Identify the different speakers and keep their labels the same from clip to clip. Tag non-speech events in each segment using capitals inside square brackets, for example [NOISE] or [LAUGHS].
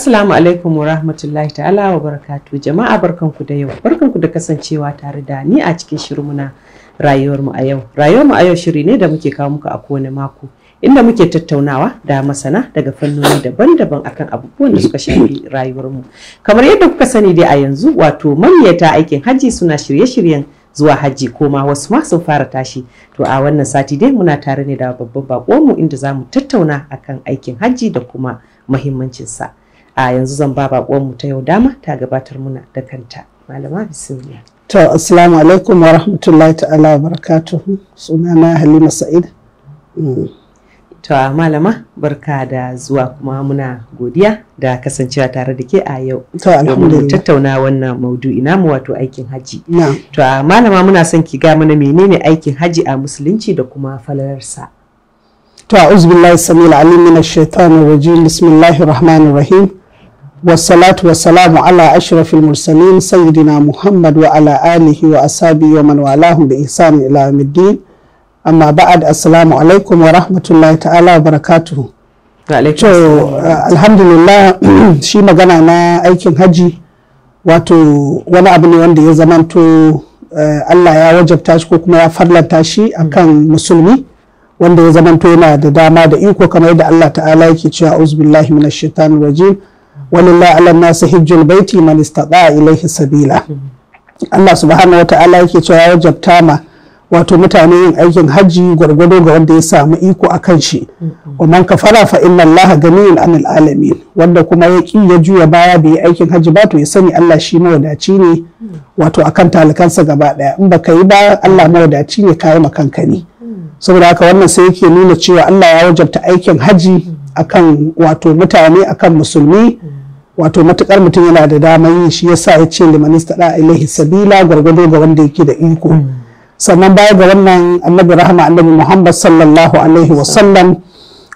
Speaker 1: Assalamu alaikum wa rahmatullahi ta'ala wa barakatu jama'a barkanku da yau barkanku da kasancewa tare da ni a cikin shirmuna rayuwarmu a yau rayuwarmu a yau shiri ne da muke kawo muku a kowane mako inda muke tattaunawa da masana daga fannoni daban-daban akan abubuwan da suka shafi rayuwarmu kamar yadda kuka sani dai a yanzu wato ta aikin hajji suna shirye-shiryen zuwa hajji ko ma wasu ma sun fara tashi to a wannan sati dai muna tare ne da babban bakonmu inda za mu tattauna akan aikin hajji da kuma muhimmancinsa a yanzu zan ba bakon mu ta yau dama ta gabatar muna da kanta malama bismillah
Speaker 2: to assalamu alaikum wa rahmatullahi ta'ala wa barakatuhu na halima sa'id mm.
Speaker 1: to malama barka da zuwa kuma muna godiya da kasancewa tare da ke a yau Mun tattauna wannan maudu'i namu wato aikin haji to malama muna son ki ga mana menene aikin haji a musulunci da kuma falalarsa
Speaker 2: to a'udhu billahi samil alim minash shaitanir rajim bismillahir rahmanir rahim wasalatu wasalamu ala ashirafin mursalin Sayyidina muhammad wa ala alihi wa asabi wa manwalahun da isani ilamidi amma ba'ad asalamu alaikum wa rahmatullahi ta'ala wa barakatu to uh, alhamdulillah [CLEARS THROAT] shi magana na aikin haji wato wani abu ne wanda ya zama uh, allah ya wajabta shi ko kuma ya farlata shi akan hmm. musulmi wanda ya zama to yana da dama da iko kamar yadda allah ta'ala yake cewa uzbillahi minashitanu rajim walillahi ala nasu hijjul baiti man istata ilaihi sabila Allah subhanahu wataala yake cewa ya jabta ma wato mutane yin aikin hajji gwargwado ga wanda ya samu iko akan kan shi wa man kafara fa inna Allah ganiyun anil alamin wanda kuma ya ki ya juya baya bai aikin hajji ba to ya sani Allah shi mawadaci ne wato akan talakansa gaba daya in baka yi ba Allah mawadaci ne kayan makanka ne saboda haka wannan sai yake nuna cewa Allah ya wajabta aikin hajji akan wato mutane akan musulmi wato matukar mutum yana da damar yi shi yasa ya ce limanista da ilaihi sabila gwargwado ga wanda yake da iko hmm. sannan baya ga wannan annabi rahama annabi muhammad sallallahu alaihi wa sallam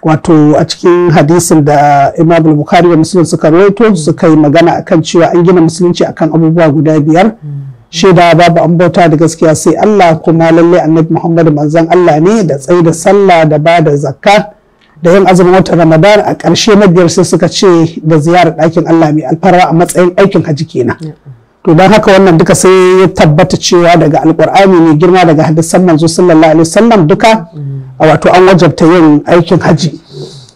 Speaker 2: wato a cikin hadisin da imam bukhari da muslim suka rawaito hmm. suka yi magana akan cewa an gina musulunci akan abubuwa guda biyar hmm. shaida babu an bauta da gaskiya sai Allah kuma lallai annabi Muhammad manzon Allah ne da tsaye da sallah da ba da zakka da yin azumin watan ramadan a ƙarshe na biyar sai suka ce da ziyarar ɗakin allah mai alfarwa a matsayin aikin hajji kenan to don haka wannan duka sai ya tabbata cewa daga alkur'ani mai girma daga hadisan manzo sallallahu alaihi wasallam duka mm. a wato an wajabta yin aikin haji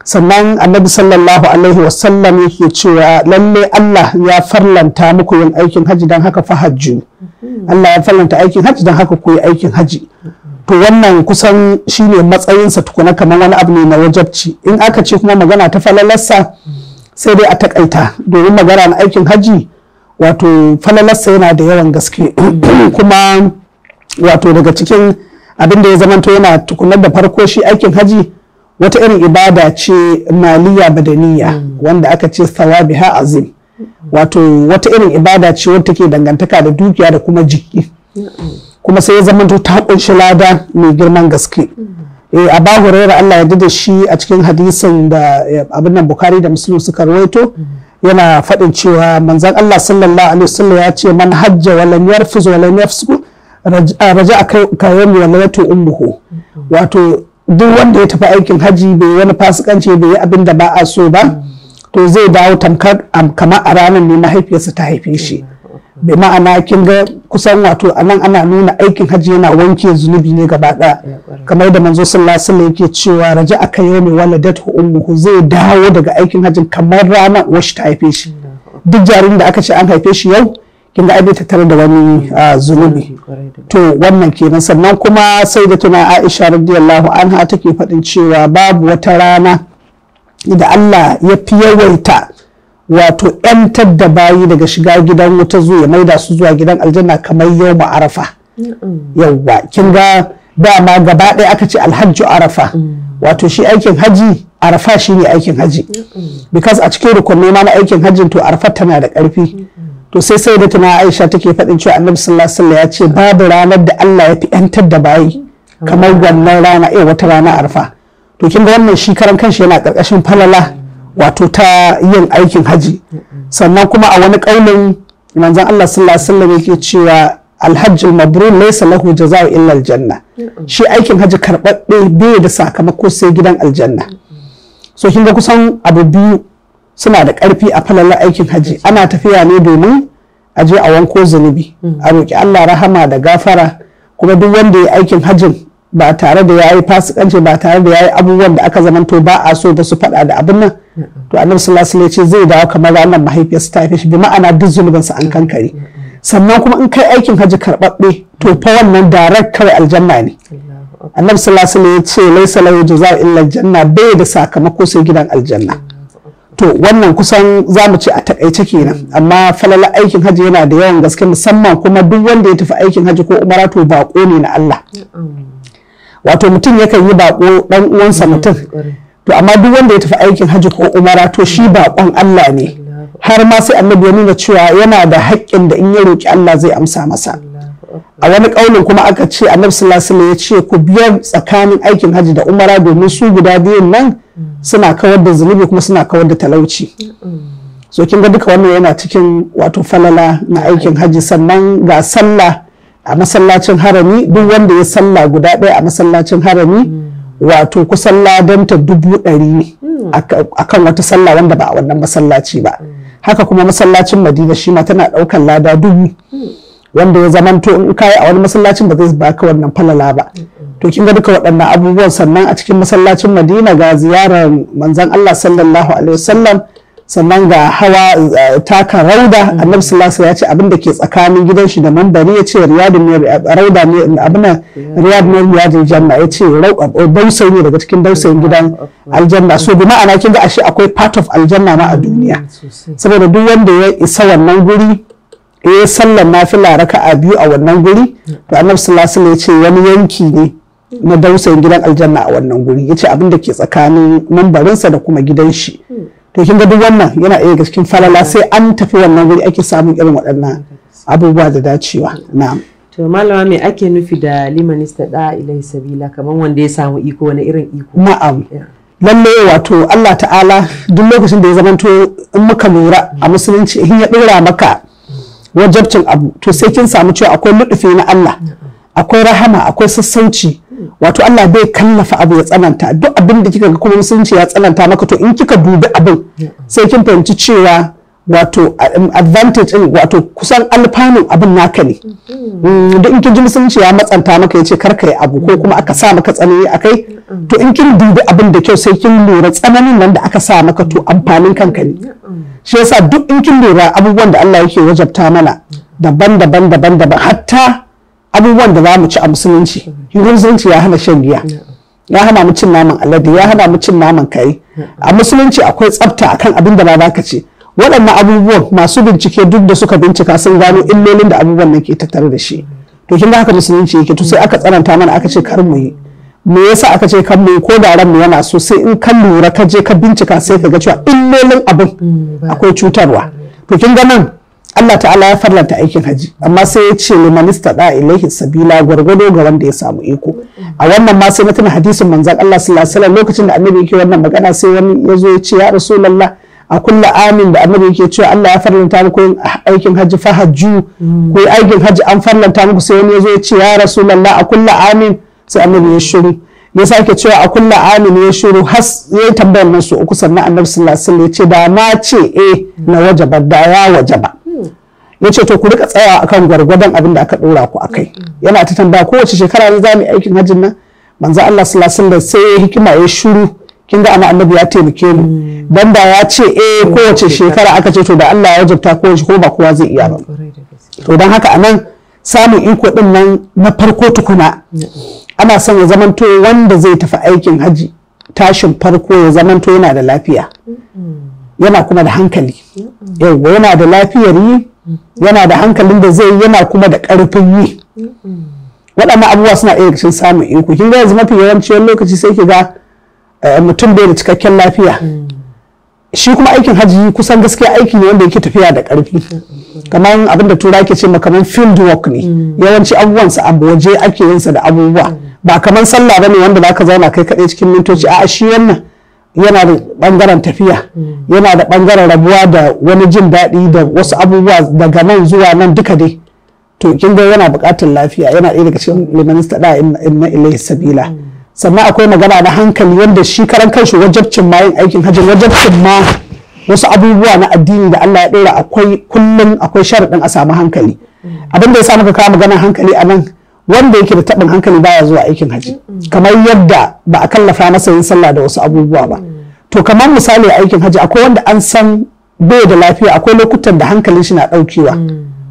Speaker 2: sannan annabi sallallahu alaihi wasallam yake cewa lalle Allah ya farlanta muku yin aikin haji don haka fa hajju
Speaker 3: mm-hmm. Allah
Speaker 2: ya farlanta aikin haji don haka ku yi aikin haji mm-hmm. to wannan kusan shine matsayinsa tukuna kamar wani abu ne na wajabci in aka ce kuma magana ta falalarsa sai dai a takaita domin magana na aikin hajji wato falalarsa yana da yawan gaske [CLEARS THROAT] kuma wato daga cikin abin da ya zama zamanto yana tukunar da farko shi aikin hajji wata irin ibada ce maliya badaniya mm. wanda aka ce sawabi ha azim wato wata irin ibada ce wadda take dangantaka da dukiya da kuma jiki kuma sai ya zama ta kunshi lada mai girman gaske eh a ba hurairar Allah ya da shi a cikin hadisin da eh, abin nan bukari da muslim suka rawaito yana faɗin cewa manzan Allah sallallahu alaihi wasallam ya ce man hajja wa lam yarfuz wa lam yafsuk raja ka ummuhu wato duk wanda ya tafi aikin haji bai wani fasikanci bai yi abin da ba a so ba to zai dawo tamkar kamar a ranar ne mahaifiyarsa ta haife shi bai ma'ana kin ga kusan wato anan ana nuna aikin hajji yana wanke zunubi ne gaba ɗaya kamar da manzo sallallahu alaihi yake cewa raja aka yau ne waladat ummuhu zai dawo daga aikin hajjin kamar rana washi ta haife shi duk jaririn da aka ce an haife shi yau kin ga abin tattare da wani hmm. zunubi to wannan kenan sannan kuma sai da tuna Aisha radiyallahu anha take faɗin cewa babu wata rana da Allah ya fi yawaita wato 'yantar da bayi daga shiga gidan wuta zuwa ya maida su zuwa gidan aljanna kamar yau arafa yauwa kin ga dama gaba ɗaya aka ce alhajju arafa mm. wato shi aikin haji arafa shi ne aikin haji because a cikin rukunai ma na aikin hajjin to arafa tana da ƙarfi to sai sai da tana aisha take faɗin cewa annabi sallallahu alaihi ya ce babu ranar da Allah ya fi 'yantar da bayi kamar ah. wannan rana eh wata rana arafa to kin ga wannan shi karan kanshi yana ƙarƙashin falala wato ta yin aikin haji sannan kuma a wani ƙaunin manzon Allah sallallahu alaihi wasallam yake cewa alhajj mabrur laysa lahu jazaa'u illa aljanna shi aikin haji karɓaɓɓe bai da sakamako sai gidan aljanna so kin kusan abu biyu suna da ƙarfi a falalar aikin haji ana tafiya ne domin a je a wanko zunubi a roƙi Allah rahama da gafara kuma duk wanda ya aikin hajjin ba tare da yayi fasikanci ba tare da yayi abubuwan da aka zamanto ba a so da su faɗa da abin nan to annabi sallallahu alaihi wasallam zai dawo kamar ranar mahaifiyarsa ta haife shi bi ma'ana duk zunubin sa an kankare sannan kuma in kai aikin haji karbabbe to fa wannan darar kawai aljanna ne annabi sallallahu alaihi wasallam ya ce laisa lahu jaza'u illa aljanna bai da sakamako sai gidan aljanna to wannan kusan za mu ce a takaice kenan amma falala aikin hajji yana da yawan gaske musamman kuma duk wanda ya tafi aikin hajji ko umara to baƙo ne na Allah wato mutum yakan yi baƙo dan uwansa mm, mutum to amma duk wanda ya tafi aikin hajji ko umara to shi baƙon Allah ne har ma sai annabi ya nuna cewa yana da haƙƙin da in ya roƙi Allah zai amsa masa a wani ƙaunin kuma aka ce annabi sallallahu alaihi ya ce ku biyar tsakanin aikin hajji da umara domin su guda biyun nan mm. suna kawar da zunubi kuma suna kawar da talauci mm. so kin ga duka wannan yana cikin wato falala na aikin hajji sannan ga sallah a masallacin harami duk wanda ya sallah guda ɗaya a masallacin harami wato kusan ladanta dubu ɗari akan wata sallah wanda ba a wannan masallaci ba haka kuma masallacin madina shi ma tana ɗaukan lada dubu wanda ya zamanto in kayi a wani masallacin ba zai baka wannan falala ba to kin ga duka waɗannan abubuwan sannan a cikin masallacin Madina ga ziyarar manzon Allah sallallahu alaihi wasallam sannan ga hawa eh, takan rauda mm-hmm. annabi sallallahu ya ce abin ke tsakanin gidan shi da manbari ya ce riyadun ne eh, rauda ne eh, abin riyadun ne riyadu janna ya ce oh, dausayi ne daga cikin dausayin gidan aljanna so bi ma'ana kin ga ashe akwai part of aljanna ma a mm-hmm. duniya saboda duk wanda ya isa wannan guri ya sallan nafila raka'a biyu a wannan guri to annabi sallallahu ya ce wani yanki ne na dausayin gidan aljanna a wannan guri ya ce abin da ke tsakanin mambarinsa da kuma gidan shi mm. to kin ga duk wannan yana iya gaskin falala sai an tafi wannan wuri ake samun irin waɗannan abubuwa da dacewa na'am
Speaker 1: to malama me ake nufi da limanista da ilahi sabila kamar wanda ya samu iko wani irin iko na'am
Speaker 2: lalle wato Allah ta'ala duk lokacin da ya zamanto in muka lura a musulunci in ya dora maka wajabcin abu to sai kin samu cewa akwai ludufi na Allah akwai rahama akwai sassauci wato Allah bai kallafa abu ya tsananta duk abin da kika ga kuma musulunci ya tsananta maka to in kika dubi abin sai kin fahimci cewa wato um, advantage din wato kusan alfanun abin naka ne mm, duk in kin musulunci ya matsanta maka ya ce karka yi abu ko kuma aka sa maka tsanani akai to in kin dubi abin da kyau sai kin lura tsananin nan da aka sa maka to amfanin kanka ne shi yasa duk in kin lura abubuwan da Allah yake wajabta mana daban-daban daban-daban hatta abubuwan da za mu ci a musulunci musulunci ya hana shan giya ya hana mu cin naman alade ya hana mu cin naman kai. a musulunci akwai tsafta akan abin da ba za ka ci waɗannan abubuwan masu bincike duk da suka bincika sun gano illolin da abubuwan nan ke tattare da shi to kin ga haka musulunci yake to sai aka tsananta mana aka ce kar mu yi me yasa aka ce kan mu ko da ran mu yana so sai in ka lura ka je ka bincika sai ka ga cewa illolin abin mm, akwai cutarwa to kin ga nan Allah ta'ala ya farlanta aikin haji amma sai ya ce minista da ilahi sabila gwargwado ga wanda ya samu iko a wannan ma sai mutum hadisin manzan Allah sallallahu alaihi wasallam lokacin da annabi yake wannan magana sai wani ya zo ya ce ya rasulullah a kulla amin da annabi yake cewa Allah ya farlanta muku aikin haji fa hajju mm. ko aikin haji an farlanta muku sai wani ya zo ya ce ya rasulullah a kulla amin sai annabi ya shiru ya sake cewa a kulla amin ya shiru has ya yi tambayar nan su uku sannan annabi sallallahu alaihi wasallam ya ce da ma ce eh na wajaba da ya wajaba ya ce to ku rika tsaya akan gwargwadon abin da aka dora ku akai yana ta tambaya kowace shekara ne za mu aikin hajjin nan manzo Allah sallallahu alaihi wasallam sai hikima ya shiru kin ga ana annabi ya taimake mu hmm. dan da ya ce eh kowace shekara aka ce to da Allah ya wajabta ko shi ko ba kowa zai iya ba hmm, to dan haka anan samun iko din nan na farko tukuna hmm. ana son ya zamanto wanda zai tafi aikin haji tashin farko ya zamanto yana da lafiya yana kuma da hankali yauwa yana da lafiyar yi yana da hankalin da zai yana kuma da ƙarfin yi waɗanda abubuwa suna iya cikin samun iko kin ga yanzu mafi yawanci wani lokaci sai ki ga eh, mutum bai da cikakken lafiya shi kuma aikin hajji kusan gaskiya aiki ne wanda yake tafiya da ƙarfi kamar abin da tura ke ce ma kamar field work ne yawanci abubuwan sa abu waje ake yin sa da abubuwa ba kamar sallah bane wanda zaka zauna kai kaɗai cikin mintoci a'a shi wannan yana da bangaren tafiya hmm. yana da bangaren rabuwa da wani jin daɗi da wasu abubuwa daga nan zuwa nan duka dai to kin ga yana buƙatar lafiya yana ɗaya daga cikin limanista da inna ilaihi sabila hmm. sannan akwai magana na hankali wanda shi karan kanshi wajabcin ma yin aikin hajji wajabcin ma wasu abubuwa na addini da Allah ya ɗora akwai kullum akwai sharaɗin a samu hankali hmm. abin da ya sa muka kawo magana hankali a nan wanda yake da taɓin hankali baya zuwa aikin haji kamar yadda ba a kallafa masa yin sallah da wasu abubuwa ba to kamar misali a aikin haji akwai wanda an san bai da lafiya akwai lokutan da hankalin shi na ɗaukewa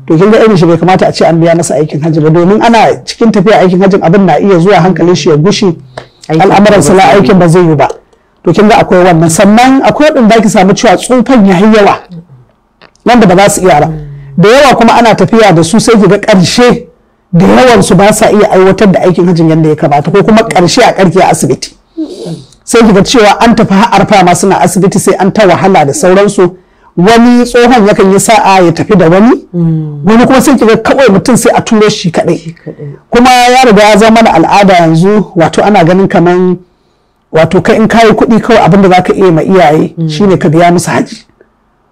Speaker 2: to kin ga irin shi bai kamata a ce an biya masa aikin haji ba domin ana cikin tafiya aikin hajin abin na iya zuwa hankalin shi ya gushi al'amuran sana aikin ba zai yi ba to kin ga akwai wannan sannan akwai waɗanda ki samu cewa tsufan ya yawa wanda ba za su iya ba da yawa kuma ana tafiya da su sai ki ga ƙarshe da yawan su ba sa iya aiwatar da aikin hajjin yadda ya kamata ko kuma karshe a karke a asibiti sai kiga cewa an tafi har fama suna asibiti sai an ta wahala da sauransu wani tsohon yakan yi sa'a ya tafi da wani wani kuma sai kiga kawai mutum sai a turo shi kadai kuma ya riga ya zama na al'ada yanzu wato ana ganin kaman wato kai in kayi kuɗi kawai abin da zaka iya ma iyaye mm. shine ka biya musu haji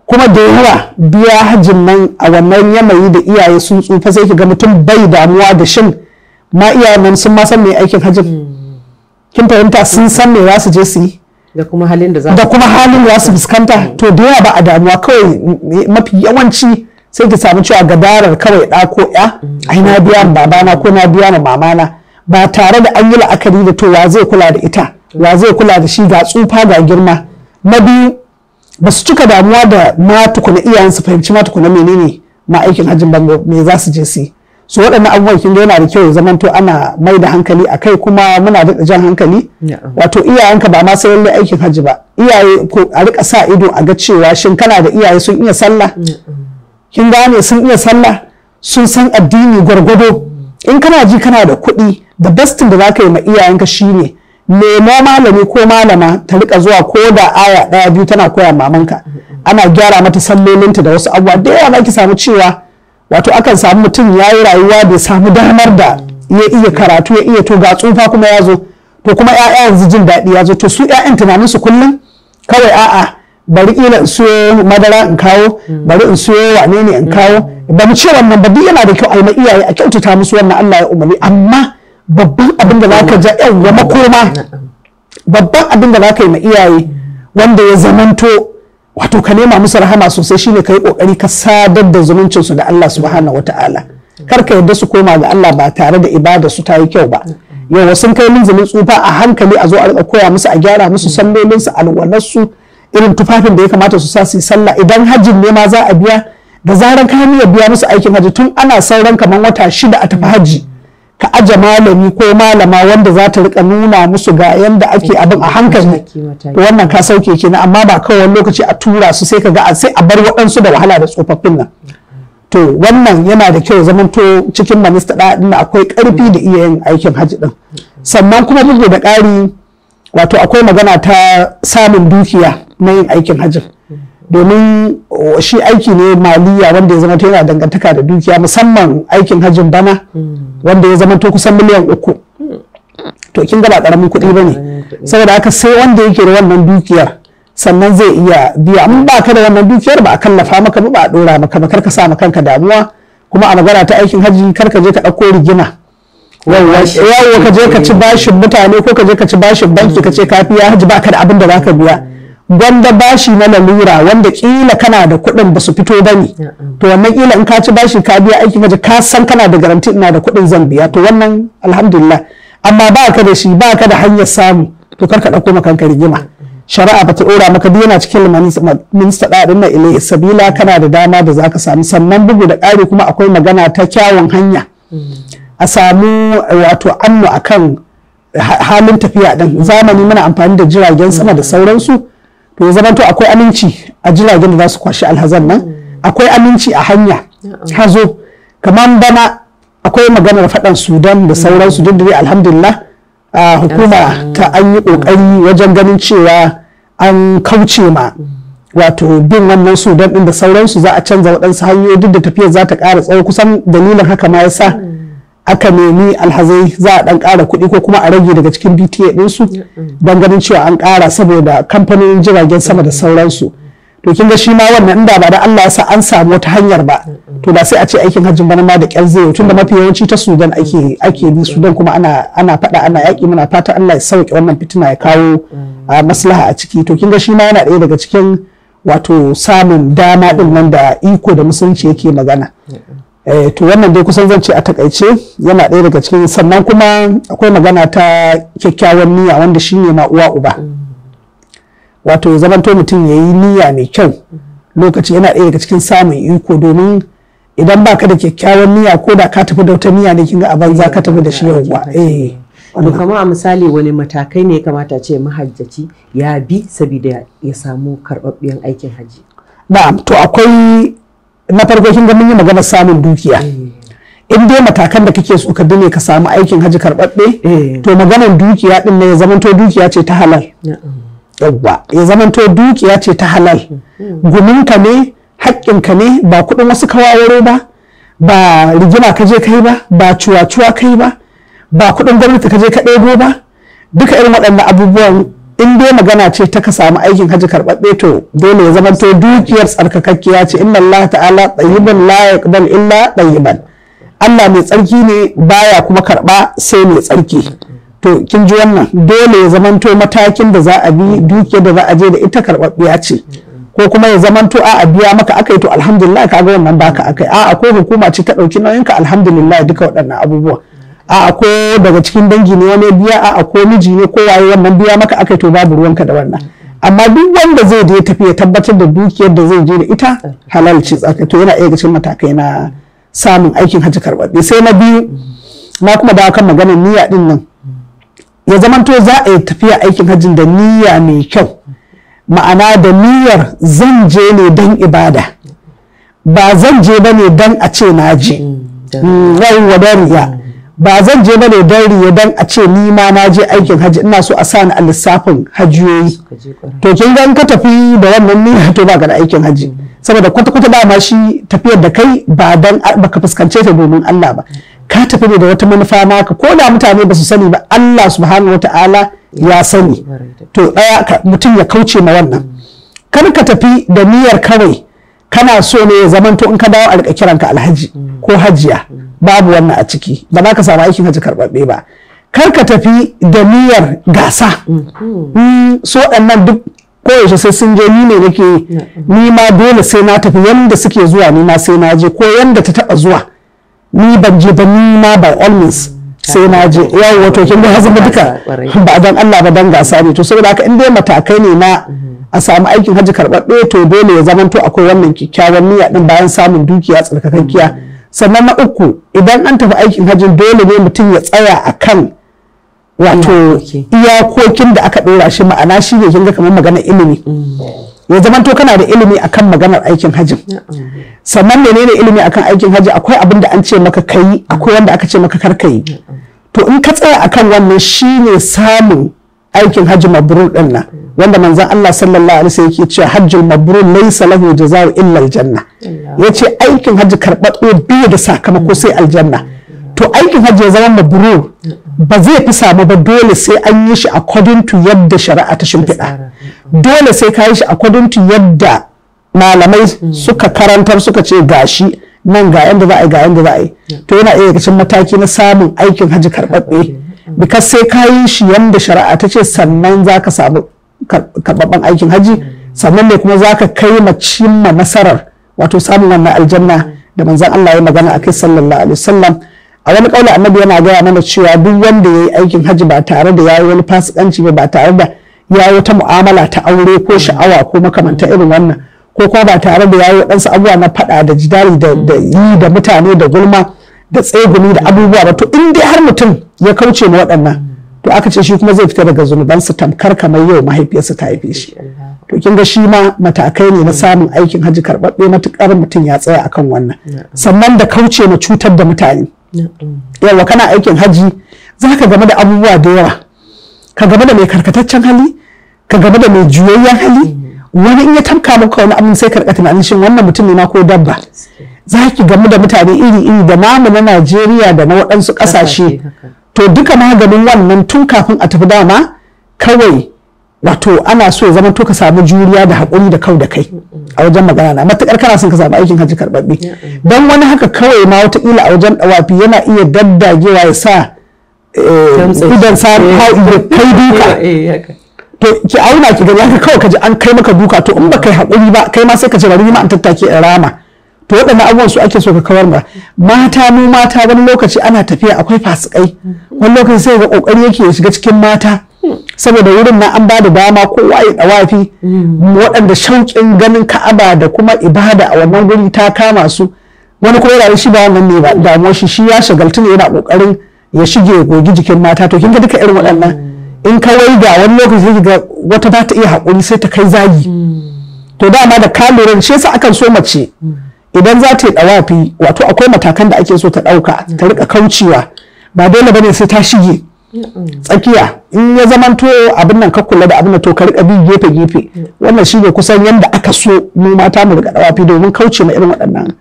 Speaker 2: kuma da yawa biya hajjin a wannan yanayi da iyaye sun tsufa sai ki ga mutum bai damuwa da shin ma iyayen nan sun ma san me aikin hajjin kin fahimta sun san me za su je su yi da kuma halin da za su fuskanta to da yawa ba a damuwa kawai mafi yawanci sai ki samu cewa gadarar kawai ɗa ko ya ai na biya ma babana ko na biya ma mamana ba tare da an yi la'akari da to wa zai kula da ita wa zai kula da shi ga tsufa ga girma na biyu ba su cika damuwa da ma tukuna iyayen su fahimci ma tukuna menene ma aikin hajjin bango me za su je su so waɗannan abubuwan kin yana da kyau zaman to ana mai da hankali a kai kuma muna da jan hankali wato iyayenka ba ma sai lalle aikin hajji ba iyaye ko a rika sa ido a ga cewa shin kana da iyaye sun iya sallah kin gane sun iya sallah sun san addini gwargwado in kana ji kana da kuɗi da bastin da za ka yi ma iyayenka shine nemo malami ko malama ta rika zuwa ko da aya daya biyu tana koya mamanka ana gyara mata sallolinta da wasu abubuwa da yawa ki samu cewa wato akan samu mutum ya yi rayuwa da samu damar da ya iya karatu ya iya to ga tsufa kuma ya zo to kuma ya'ya yanzu jin daɗi ya zo to su ya'yan tunanin su kullum kawai a'a bari ila in siyo madara in kawo bari in siyo wane ne in kawo ba mu ce wannan ba duk yana da kyau yi iyaye a kyautata musu wannan Allah ya umarni amma babban abin da za ka ja yawa makoma babban abin da zaka yi ma iyaye wanda ya zamanto wato ka nema musu rahama sosai shine ka yi kokari ka sadar da zumuncin su da Allah subhanahu wataala kar ka yadda su koma ga Allah ba tare da ibada su ta yi kyau ba Yau sun kai min zumin tsufa a hankali a zo a koya musu a gyara musu sallolin su alwalar su irin tufafin da ya kamata su sa su sallah idan hajjin ne ma za a biya da zaran ka biya musu aikin hajji tun ana sauran kamar wata shida a tafi hajji ka aje malami ko malama wanda za ta rika nuna musu ga yanda ake abin a hankali wannan ka sauke na amma ba kawai lokaci a tura su sai ka ga sai a bar waɗansu da wahala da tsofaffin nan to wannan yana da kyau zamanto cikin minista ɗin akwai karfi da iya yin aikin haji din. sannan kuma bugu da ƙari wato akwai magana ta samun dukiya na yin aikin hajjin domin oh, shi aiki ne maliya wanda ya zama yana dangantaka da dukiya musamman aikin hajjin bana hmm. wanda ya zama to kusan miliyan uku to kin gaba karamin kuɗi ba ne saboda haka sai wanda yake da wannan dukiyar sannan zai iya biya amma ba ka da wannan dukiyar ba a kallafa maka ba a ɗora maka ba karka sa ma kanka damuwa kuma a magana ta aikin hajji karka je ka ɗauko rigima yawwa ka je ka ci bashin mutane ko ka je ka ci bashin banki ka ce ka fiya hajji ba ka da abin da za ka biya gwanda bashi na lalura wanda kila kana da kuɗin ba su fito ba ne to wannan kila in ka ci bashi ka biya aikin waje ka san kana da garanti ina da kuɗin zan biya to wannan alhamdulillah amma ba ka da shi ba ka da hanyar samu to kar ka ɗauko kanka rigima shari'a ba ta ɗora maka duk yana cikin minista ɗaɗin na ilai sabila kana da dama da zaka samu sannan bugu da ƙari kuma akwai magana ta kyawun hanya mm. a samu eh, wato annu akan eh, halin tafiya ɗin zamani muna amfani da jiragen sama da mm. sauransu to ya zamanto akwai aminci a jiragen da za su kwashi alhazan nan akwai aminci a hanya hazo kamar bana akwai maganar faɗan sudan da sauransu duk da dai alhamdulillah hukuma ta an yi ƙoƙari wajen ganin cewa an kauce ma wato bin wannan sudan ɗin da sauransu za a canza waɗansu hanyoyi duk da tafiyar za ta ƙara tsawo kusan dalilin haka ma ya sa mm. aka nemi alhazai za a dan kara kuɗi ko kuma a rage daga cikin bta ɗinsu don ganin cewa an kara saboda kamfanonin jiragen sama da sauransu to kin ga shi ma wannan inda ba da Allah ya sa an samu wata hanyar ba to da sai a ce aikin hajjin bana ma da kyar zai tunda mafi yawanci ta Sudan ake ake bi Sudan kuma ana ana fada ana yaki muna fata Allah ya sauke wannan fitina ya kawo mm. maslaha a ciki to kin ga shi ma yana ɗaya daga cikin wato samun dama din nan da iko da musulunci yake magana Eh, to wannan dai kusan zan ce a takaice yana ɗaya daga cikin sannan kuma akwai magana ta kyakkyawan niyya wanda shi ne uwa uba wato ya zamanto mutum ya yi niyya mai kyau lokaci yana ɗaya daga cikin samun iko domin idan baka da kyakkyawan niyya ko da ka tafi da wata niyya ne kin ga a banza ka tafi da shi yauwa eh kamar a misali wani
Speaker 1: matakai ne ya kamata ce mahajjaci ya bi saboda ya samu karɓaɓɓen aikin
Speaker 2: hajji. na'am to akwai na farko kin ga mun yi magana samun dukiya eh. in dai matakan da kake so ka bi ka samu aikin haji karɓaɓɓe eh. to maganar dukiya din ne ya zamanto dukiya ce ta halal yawwa ya zamanto dukiya ce ta halal hmm. guminka ne haƙƙinka ne ba kuɗin wasu kawawaro ba ba rigima ka je kai ba ba cuwa-cuwa kai ba ba kuɗin gwamnati ka je ka ɗebo ba duka irin waɗannan abubuwan in dai magana ce ta ka samu aikin hajji karɓaɓɓe to dole ya zama to dukiyar tsarkakakkiya ce inna Allah ta'ala tsayiban la yaqbal illa tsayiban Allah mai tsarki ne baya kuma karɓa sai mai tsarki to kin ji wannan dole ya zamanto matakin da za a bi dukiyar da za a je da ita karɓaɓɓiya ce ko kuma ya zamanto a biya maka akai to alhamdulillah ka ga wannan baka akai a'a ko hukuma ce ta ɗauki nauyinka alhamdulillah duka waɗannan abubuwa a ko daga cikin dangi ne wani biya a ko miji ne ko waye wannan biya maka akai to babu ruwanka da wannan amma duk wanda zai je tafi tabbatar da dukiyar da zai je da ita halal ce tsaka to yana iya cikin matakai na samun aikin hajji karɓaɓɓe sai na biyu na kuma da kan magana, niyya din nan ya zamanto za a yi tafiya aikin hajjin da niyya mai kyau ma'ana da niyyar zan je ne don ibada ba zan je ba ne don a ce na je yawwa don riya ba zan je bane don riye don a ce ni ma na je aikin hajji ina so a sa ni a lissafin hajiyoyi. to kin ga ka tafi da wannan niyyar to ba ga aikin hajji saboda kwata kwata dama shi tafiyar da kai ba dan baka fuskance ta domin Allah ba ka tafi ne da wata manufa naka ko da mutane ba su sani ba Allah subhanahu wataala ya sani to daya mutum ya kauce ma wannan kar ka tafi da niyyar kawai kana so ne ya zamanto in ka dawo a rika ka alhaji ko hajiya babu wannan a ciki ba za ka samu aikin hajji karɓaɓɓe ba kar ka tafi da niyyar gasa
Speaker 3: mm-hmm.
Speaker 2: mm, so waɗannan duk koyaushe sai sun je ni ne nake mm-hmm. ni ma dole sai na tafi yanda suke zuwa ni ma sai na je ko yanda ta taɓa zuwa ni ban je ba ni ma by all mm-hmm. sai na je yawo wato kin ga duka ba dan Allah ba dan gasa ne to saboda haka in dai matakai ne na a samu aikin hajji karɓaɓɓe to dole ya zamanto akwai wannan kyakkyawan niyya din bayan samun dukiya tsarkakakkiya sannan na uku idan an tafi aikin hajjin dole ne mutum ya tsaya a kan wato iyakokin da aka ɗora shi ma'ana shi ne kinga kamar maganar ilimi mm. ya zamanto kana da ilimi akan maganar aikin hajjin sannan menene ilimi akan aikin hajji akwai abin da an ce maka kai akwai wanda aka ce maka kar kayi to in ka tsaya akan wannan shi ne samun aikin hajji mabrur din nan wanda manzon Allah sallallahu alaihi wasallam yake cewa hajjul mabrur laysa lahu jazaa'u illa aljanna yace aikin hajji karbato biyu da sakamako sai aljanna to aikin hajji ya zama mabrur ba zai fi samu ba dole sai an yi shi according to yadda shari'a ta shimfiɗa dole sai ka yi shi according to yadda malamai hmm. suka karantar suka ce gashi nan ga yanda za a yi ga yanda za a yi to yana iya cikin mataki na samun aikin hajji karɓaɓɓe bikas sai ka yi shi yanda shari'a ta ce sannan za ka samu karɓaɓɓen aikin haji sannan ne kuma za ka kai ma cimma nasarar wato samun wannan aljanna da manzon Allah ya magana a kai sallallahu alaihi wasallam a wani kaula annabi yana gaya mana cewa duk wanda ya yi aikin haji ba tare da ya yi wani fasikanci ba tare da ya yi wata mu'amala ta aure ko sha'awa ko makamanta irin wannan ko kuma ba tare da ya yi waɗansu abubuwa na faɗa da jidali da yi da mutane da gulma da tsegumi da abubuwa ba to in dai har mutum ya kauce ma waɗannan to aka ce shi kuma zai fita daga zunubansa tamkar kamar yau mahaifiyarsa ta haife shi to kin shi ma matakai ne na samun aikin hajji karɓaɓɓe matuƙar mutum ya tsaya akan wannan sannan da kauce ma cutar da mutane yawa kana aikin hajji za ka game da abubuwa da yawa ka game da mai karkataccen hali ka game da mai juyayyen hali wani in ya tamka maka wani abin sai karɓa tunanin shin wannan mutum ne ma ko dabba za ki gamu da mutane iri-iri da namu na Najeriya da na waɗansu ƙasashe. To duka maganin wannan tun kafin a tafi dama kawai wato ana so ya zama to ka samu juriya da haƙuri da kau da kai a wajen magana na matuƙar kana son ka samu aikin hajji karɓaɓɓe. Don wani haka kawai ma wataƙila a wajen ɗawafi yana iya daddagewa ya sa eh, idan sa kai eh. duka. [LAUGHS] Eh, to ki auna ki gani haka kawai ka ji an kai maka duka to in ba kai haƙuri ba kai ma sai ka ce bari ma an tattake in rama to waɗannan abubuwan su ake so ka kawar ma mata mu mata wani lokaci ana tafiya akwai fasikai wani lokaci sai ga kokari yake ya shiga cikin mata saboda wurin na an ba da dama ko ya dawafi waɗanda shauƙin ganin ka'aba da kuma ibada a wannan guri ta kama su wani kuma yana shi ba wannan ne ba damuwar shi shi ya shagaltu ne yana kokarin ya shige gogi jikin mata to kin ga duka irin waɗannan in kawai ga wani lokaci ga wata ba ta iya haƙuri sai ta kai zagi to dama da kalorin shi yasa akan so mace idan za ta yi dawafi wato akwai matakan da ake so ta ɗauka, ta rika kaucewa ba dole bane sai ta shige tsakiya in ya zamanto abin nan ka kula da abin da to ka rika bi gefe gefe wannan shi ne kusan yanda aka so mu mata mu rika dawafi domin kauce ma irin waɗannan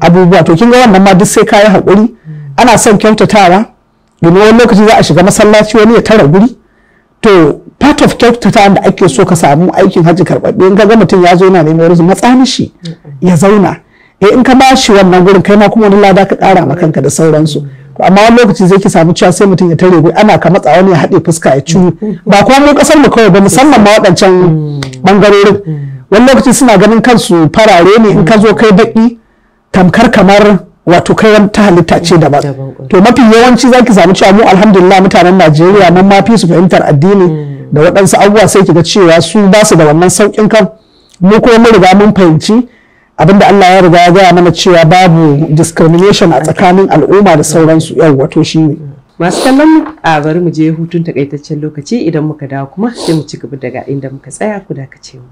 Speaker 2: abubuwa to kin ga wannan ma duk sai kayi hakuri ana son kyautatawa domin wani lokaci za a shiga masallaci wani ya tara guri to part of kyautata da ake so ka samu aikin hajji karɓaɓɓe in ga mutum ya zo yana neman wurin matsa ya zauna eh in ka bashi wannan gurin kai ma kuma wani lada ka kara ma kanka da sauransu amma wani lokaci zai ki samu cewa sai mutum ya tare gwi ana ka matsa wani ya haɗe fuska ya ciwo ba kuma mu kasar mu kawai ba musamman ma waɗancan bangarorin mm. mm. wani lokaci suna ganin kansu farare ne in ka zo kai baki tamkar kamar wato kai wani ta halitta ce ba to mafi yawanci za ki samu cewa mu alhamdulillah mutanen najeriya mun ma fi su fahimtar addini mm. da waɗansu abubuwa sai ki ga cewa su ba su da wannan saukin kan mu ko mun riga mun fahimci abinda Allah ya riga ya gaya mana cewa babu discrimination a tsakanin al'umma da sauransu yau wato shi ne masu kallon mu a bari mu je hutun takaitaccen lokaci
Speaker 1: idan muka dawo kuma sai mu ci gaba daga inda muka tsaya ku dakace mu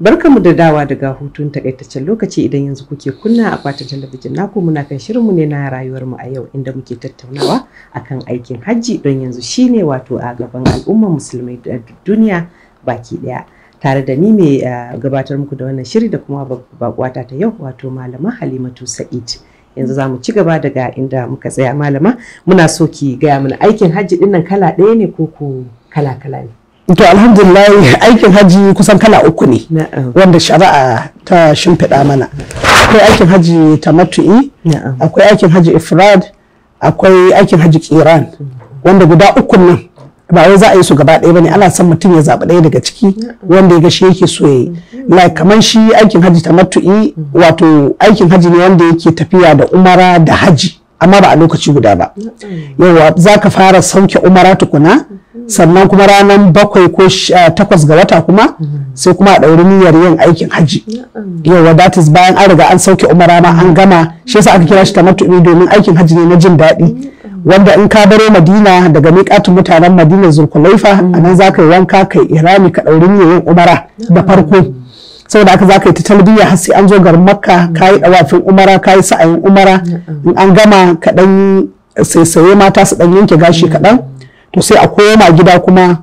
Speaker 1: Barkamu da dawa daga hutun takaitaccen lokaci idan yanzu kuke kunna a akwatin talabijin naku muna kan shirinmu ne na rayuwarmu a yau inda muke tattaunawa akan aikin hajji don yanzu shine wato a gaban al'ummar musulmai da duniya baki daya. Tare da ni mai eh, gabatar muku da wannan shiri da kuma bakwata ta yau wato malama Halimatu Sa'id. Yanzu za mu ci gaba daga inda muka tsaya malama muna so ki gaya mana aikin hajji dinnan kala ɗaya ne ko ko kala kala ne.
Speaker 2: to alhamdulillah aikin hajji kusan kala uku ne wanda shari'a ta shimfiɗa mana akwai aikin hajji matu'i. akwai aikin hajji ifrad akwai aikin hajji kiran wanda guda uku nan ba wai za a yi su gaba ɗaya bane ana son mutum ya zaɓi ɗaya daga ciki wanda ya ga shi yake so yayi like kamar shi aikin hajji matu'i wato aikin hajji ne wanda yake tafiya da umara da hajji amma ba a lokaci guda ba yawa za ka fara sauke umara tukuna sannan kuma ranar bakwai ko ah, takwas ga wata kuma sai kuma a ɗauri niyyar yin aikin hajji Yau wa datis, bayan an riga an sauke umara ma an gama shi yasa aka kira shi matuɗi domin aikin hajji ne na jin daɗi wanda in ka baro madina daga miƙatun mutanen madina zulkulaifa mm. a nan za ka yi wanka kai irami ka ɗauri niyyar yin umara da farko saboda aka za ka yi ta talbiya har sai an zo garin makka mm. ka yi ɗawafin umara ka yi sa'ayin umara in an gama ka ɗan saisaye mata su ɗan yanke gashi mm. kaɗan to sai a koma gida kuma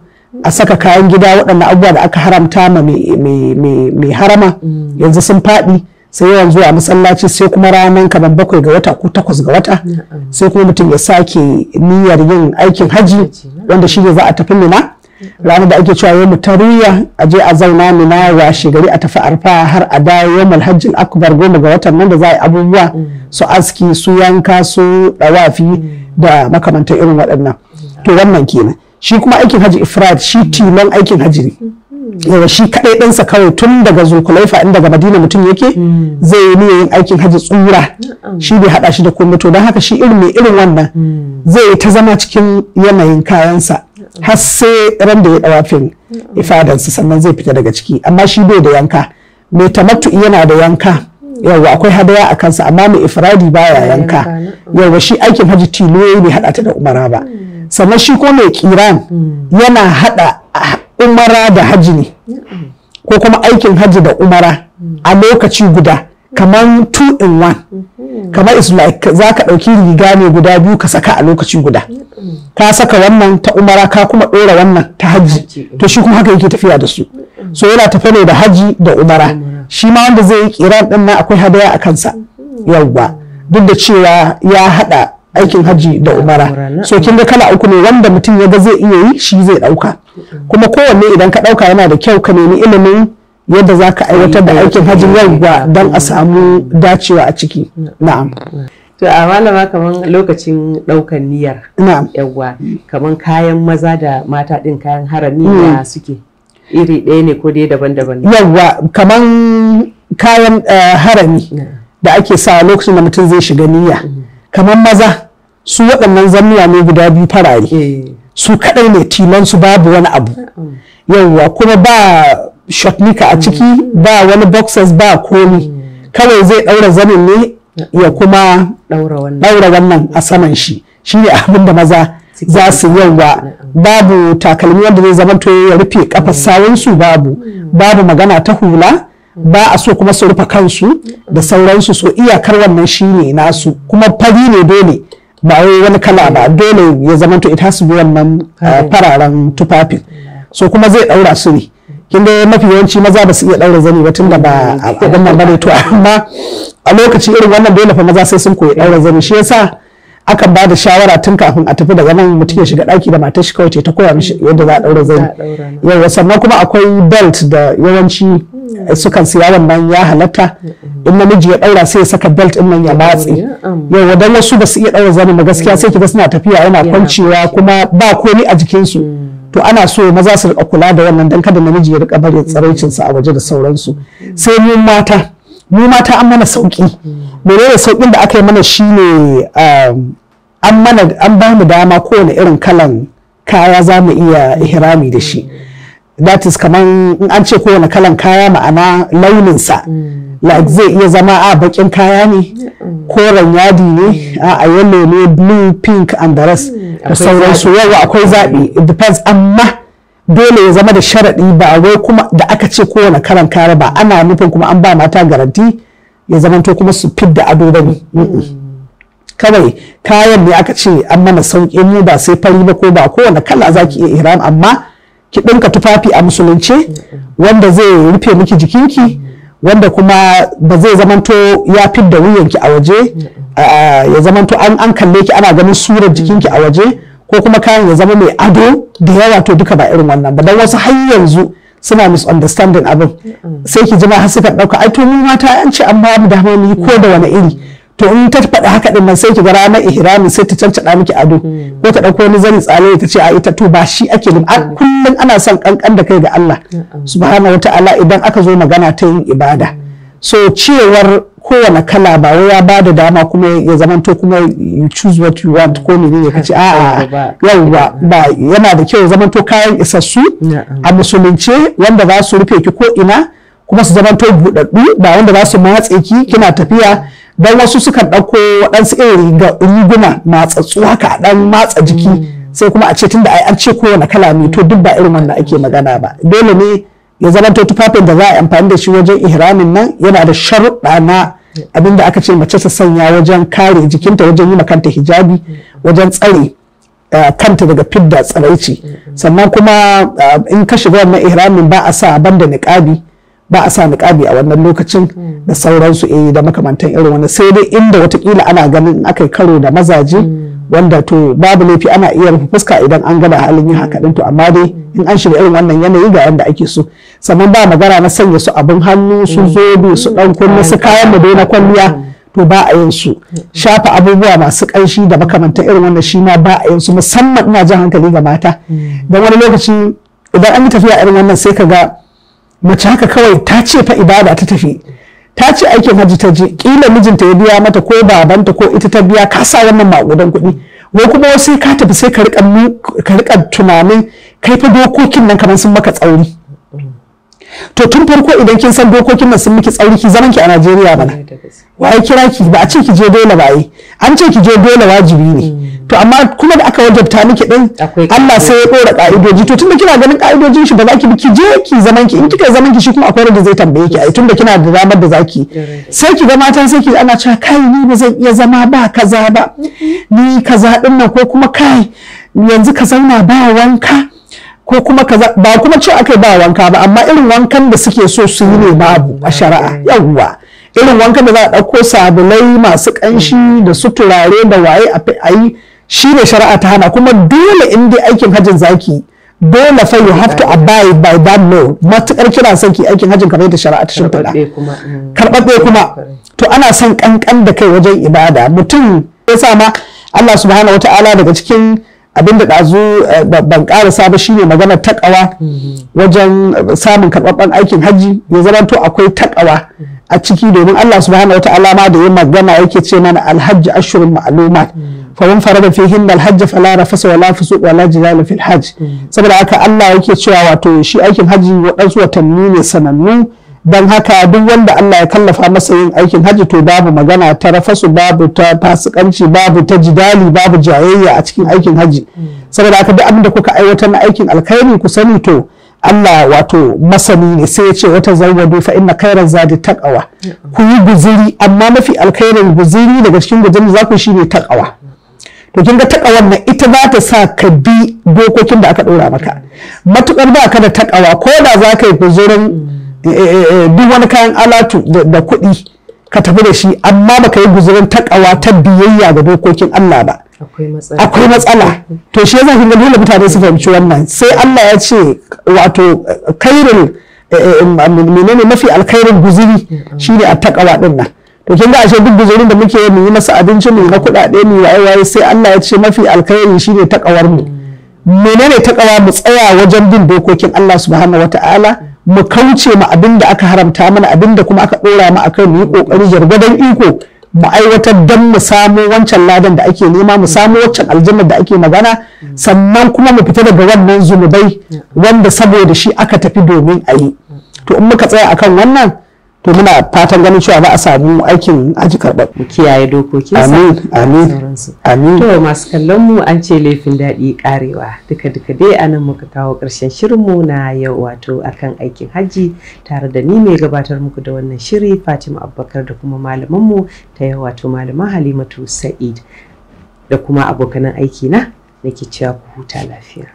Speaker 2: a saka kayan gida waɗanda abubuwa da aka haramta ma mai harama mm. yanzu sun faɗi sai yawan zuwa masallaci sai kuma ranar kamar bakwai ga wata ko takwas ga wata sai kuma mutum ya sake niyyar yin aikin haji wanda shi ne za a tafi mina ranar da ake cewa yau mu taruya a je a zauna mina washe gari a tafi arfa har a dawo yau malhajjin akbar goma ga watan nan da za a yi abubuwa mm. su aski su yanka su dawafi mm. da makamanta irin waɗannan to wannan kenan shi kuma aikin haji ifrad shi tilon aikin haji ne yawa shi kaɗai ɗansa kawai tun daga zulkulaifa inda ga madina mutum yake hmm. zai yi yin aikin haji tsura shi bai haɗa shi da komai to don haka shi irin mai irin wannan hmm. zai ta zama cikin yanayin kayansa har sai ran da ya dawafin ifadansa sannan zai fita daga ciki amma shi bai da yanka mai tamattu yana da yanka yawa akwai hadaya a kansa amma mai ifradi baya yanka yawa mm. shi aikin hajji tilo ne hada ta da umara ba mm. sannan shi ko mai kiran mm. yana hada umara da hajji ne ko kuma aikin hajji da umara a lokaci guda kamar two in one mm-hmm. kamar is like za ka ɗauki riga ne guda biyu ka saka a lokaci guda ka saka wannan ta umara ka kuma ɗora wannan ta hajji to shi kuma haka yake tafiya da su so yana tafe ne da haji da umara shi ma wanda zai yi kiran din nan akwai hadaya a kansa yawwa duk da cewa ya hada aikin haji da umara so kin kala uku ne wanda mutum ya ga zai iya yi shi zai dauka kuma kowanne idan ka dauka yana da kyau ka nemi ilimin yadda za ka aiwatar da aikin hajin yawwa don a samu dacewa a ciki na'am
Speaker 1: to a malama kaman lokacin ɗaukan niyyar yawwa kaman kayan maza da mata ɗin kayan harami ne mm. suke iri ɗaya ne ko dai daban-daban ne
Speaker 2: yawwa kaman kayan eh, harami da ake sa lokacin da mutum zai shiga niyya mm. kaman maza su waɗannan zamiya ne guda biyu farare eh. su kaɗai ne tilan su babu wani abu mm. yawwa kuma ba shotnika a ciki mm. ba wani boxers ba komi kawai zai ɗaura zanin ne ya kuma ɗaura wannan a saman shi shi ne abin da maza za su yawa babu takalmi wanda zai zama to ya rufe kafar su babu babu magana ta hula ba a so kuma su rufe kansu da sauransu so iyakar wannan shine nasu kuma fari ne dole ba wai wani kala ba dole ya zama to ita su bi wannan eh, fararen tufafin so kuma zai daura su ne kin ga mafi yawanci maza ba su iya daura zani ba tunda ba a nan bane to amma a lokaci irin wannan dole fa maza sai sun koyi daura zani shi yasa akan ba da shawara tun kafin a tafi daga nan mutum ya shiga daki da matar shi kawai ce ta koya mishi yadda za a daura zai yawa sannan kuma akwai belt da yawanci sukan siya wannan ya halatta mm. in namiji ya daura sai ya saka belt in nan ya matse yawa dan wasu ba su iya ɗaura zani ba gaskiya mm. sai kiga suna tafiya yana kwancewa kuma ba komai a jikinsu mm. to ana so maza su rika kula da wannan dan kada namiji ya rika bari tsaraicinsa a waje da sauransu sai mu mata mu mata an mana sauki menene saukin da aka yi mana shine um, an mana an ba mu dama kowane irin kalan kaya za mu iya ihrami da shi that is kaman in an ce kowane kalan kaya ma'ana launinsa mm. like zai iya zama a ah, bakin kaya ne mm. koren yadi ne ah, a yellow ne blue pink and the rest mm, da sauransu yawa akwai zaɓi it depends amma dole ya zama da sharaɗi ba wai kuma da aka ce kowane karan kare ba ana nufin kuma an ba mata garanti ya zamanto kuma su fidda ado ba ne kawai kayan ne aka ce an mana sauƙi mu ba sai fari ba ko ba kowane kala za ki iya ihram amma ki ɗinka tufafi a musulunci wanda zai rufe miki jikinki wanda kuma ba zai zamanto ya fidda wuyanki a waje ya zamanto an kalle ki ana ganin surar jikinki a waje ko kuma kayan ya zama mai ado da yawa to duka ba irin wannan ba don wasu har yanzu suna misunderstanding abin sai ki ji ma har suka dauka ai to mu mata an ce an ba mu dama mu ko da wani iri to in ta faɗi haka din nan sai ki ga ranar ihrami sai ta cancada miki ado hmm. ko ta dauko wani zani tsale ta ce a ita to ba shi ake a kullum ana son kankan da kai ga Allah subhanahu wataala idan aka zo magana ta yin ibada so cewar kowane kala ba wai ya bada dama kuma ya to kuma you choose what you want ko ne ne kace [LAUGHS] a'a yauwa ba yana da kyau zamanto kayan isassu a musulunce wanda za su rufe ki ko ina kuma su zamanto buɗaɗɗu ba wanda za su matse ki kina tafiya don wasu sukan ɗauko waɗansu irin riguna matsatsu haka ɗan matsa jiki mm. sai kuma a ce tunda ai an ce kowane kala ne to duk ba irin wannan ake magana ba dole ne ya zama to tufafin da za a amfani da shi wajen ihramin nan yana da sharuɗa na abinda aka ce mace ta sanya wajen kare jikinta wajen yi kanta hijabi wajen tsare eh, kanta daga fidda tsaraici sannan kuma eh, in ka shiga wannan ihramin ba a sa banda niqabi ba a sa niqabi a wannan lokacin da sauransu eh da makamantan irin wannan sai dai inda watakila ana ganin akai karo da mazaje wanda to babu laifi ana iya rufe fuska idan an gada halin yin haka to amma dai in an shiga irin wannan yanayi ga yanda ake so sannan ba magana na sanya su abin hannu su mm. zobe su dan kunne su kayan mu na kwalliya to ba a yin su shafa abubuwa masu ƙanshi da makamanta irin wannan shi ma ba a yin su musamman ina jan hankali ga mata mm. don wani lokaci idan an yi tafiya irin wannan sai ka ga mace haka kawai ta ce fa ibada ta tafi ta ce aikin hajji ta je kila mijinta ya biya mata ko babanta ko ita ta biya ka sa wannan maƙudan kuɗi wai kuma wasu ka tafi sai ka rika tunanin kai fa dokokin nan kamar sun maka tsauri to tun farko idan kin san dokokin nan sun miki tsauri ki zaman ki a Najeriya bana wai kira ki ba a ce ki je dole ba yi an ce ki je dole wajibi ne to amma kuma da aka wajabta miki din Allah sai ya dora ka'idoji to tunda kina ganin ka'idojin shi ba za ki biki je ki zaman ki in kika zaman ki shi kuma akwai wanda zai tambaye ki ai tunda kina da damar da zaki sai ki ga matan sai ki ana cewa kai ni ba zan iya zama ba kaza ba ni kaza din nan ko kuma kai yanzu ka zauna ba wanka ko kuma kaza ba kuma ce akai ba wanka ba amma irin wankan da suke so su yi ne babu a shari'a yawwa irin wankan da za a ɗauko sabulai masu ƙanshi da su turare da waye a yi shi ne shari'a ta hana kuma dole in dai aikin hajjin zaki dole fa you have to abide by that law matukar kira son ki aikin hajjin kamar yadda shari'a ta shimfiɗa karɓaɓɓe kuma mm. to ana son kankan da kai wajen ibada mutum ya sa ma Allah subhanahu wata'ala daga cikin abin da ɗazu eh, ban ƙarasa ba shine maganar takawa mm-hmm. wajen samun karɓaɓɓen aikin hajji ya zama to akwai takawa mm-hmm. a ciki domin Allah subhanahu wata'ala ma da ya magana yake ce mana alhajji ashirin ma'alumat mm-hmm. faman farada fi hinna alhajj fala rafasa wala fusuq wala jidala fil hajj saboda haka Allah yake cewa wato shi aikin hajji wadansu watanni ne sanannu don haka duk wanda Allah ya kallafa masa yin aikin hajji to babu magana ta rafasu babu ta fasikanci babu ta jidali babu jayayya a cikin aikin hajji saboda haka duk abin da kuka aiwatar na aikin alkhairi ku sani to Allah wato masani ne sai ya ce wata zawwadu fa inna khairan zadi taqwa ku yi guziri amma mafi alkhairin guziri daga cikin guzirin za ku shine taqwa to kin ga takawa wannan ita za ta sa ka bi dokokin da aka dora maka matukar ba ka da takawa ko da za ka yi kuzurin eh, eh, eh, duk wani kayan alatu da kuɗi ka tafi da shi amma ka yi guzurin takawa ta biyayya ga dokokin Allah ba akwai matsala to shi yasa kin ga dole mutane su fahimci wannan sai Allah ya ce wato kairul menene mafi alkhairin guzuri shine a takawa din nan to kin ga ashe duk guzurin da muke mu yi masa abinci mu na kuɗaɗe mu ya sai Allah ya ce mafi alkhairi shine takawar mu menene takawa mu tsaya wajen bin dokokin Allah subhanahu wataala mu kauce ma abin da aka haramta mana abin da kuma aka dora mu akan mu yi kokari jargwadon iko mu aiwatar dan mu samu wancan ladan da ake nema mu samu waccan aljanna da ake magana sannan kuma mu fita daga wannan zunubai wanda saboda shi aka tafi domin a yi to in muka tsaya akan wannan to muna fatan ganin cewa ba a samu aikin aji karɓar. mu kiyaye dokokin amin amin amin
Speaker 1: to masu kallon mu an ce laifin daɗi karewa duka duka dai anan muka kawo ƙarshen shirin mu na yau wato akan aikin hajji tare da ni mai gabatar muku da wannan shiri Fatima Abubakar da kuma malaman mu ta yau wato malama Halimatu Sa'id da kuma abokanan aiki na nake cewa ku huta lafiya.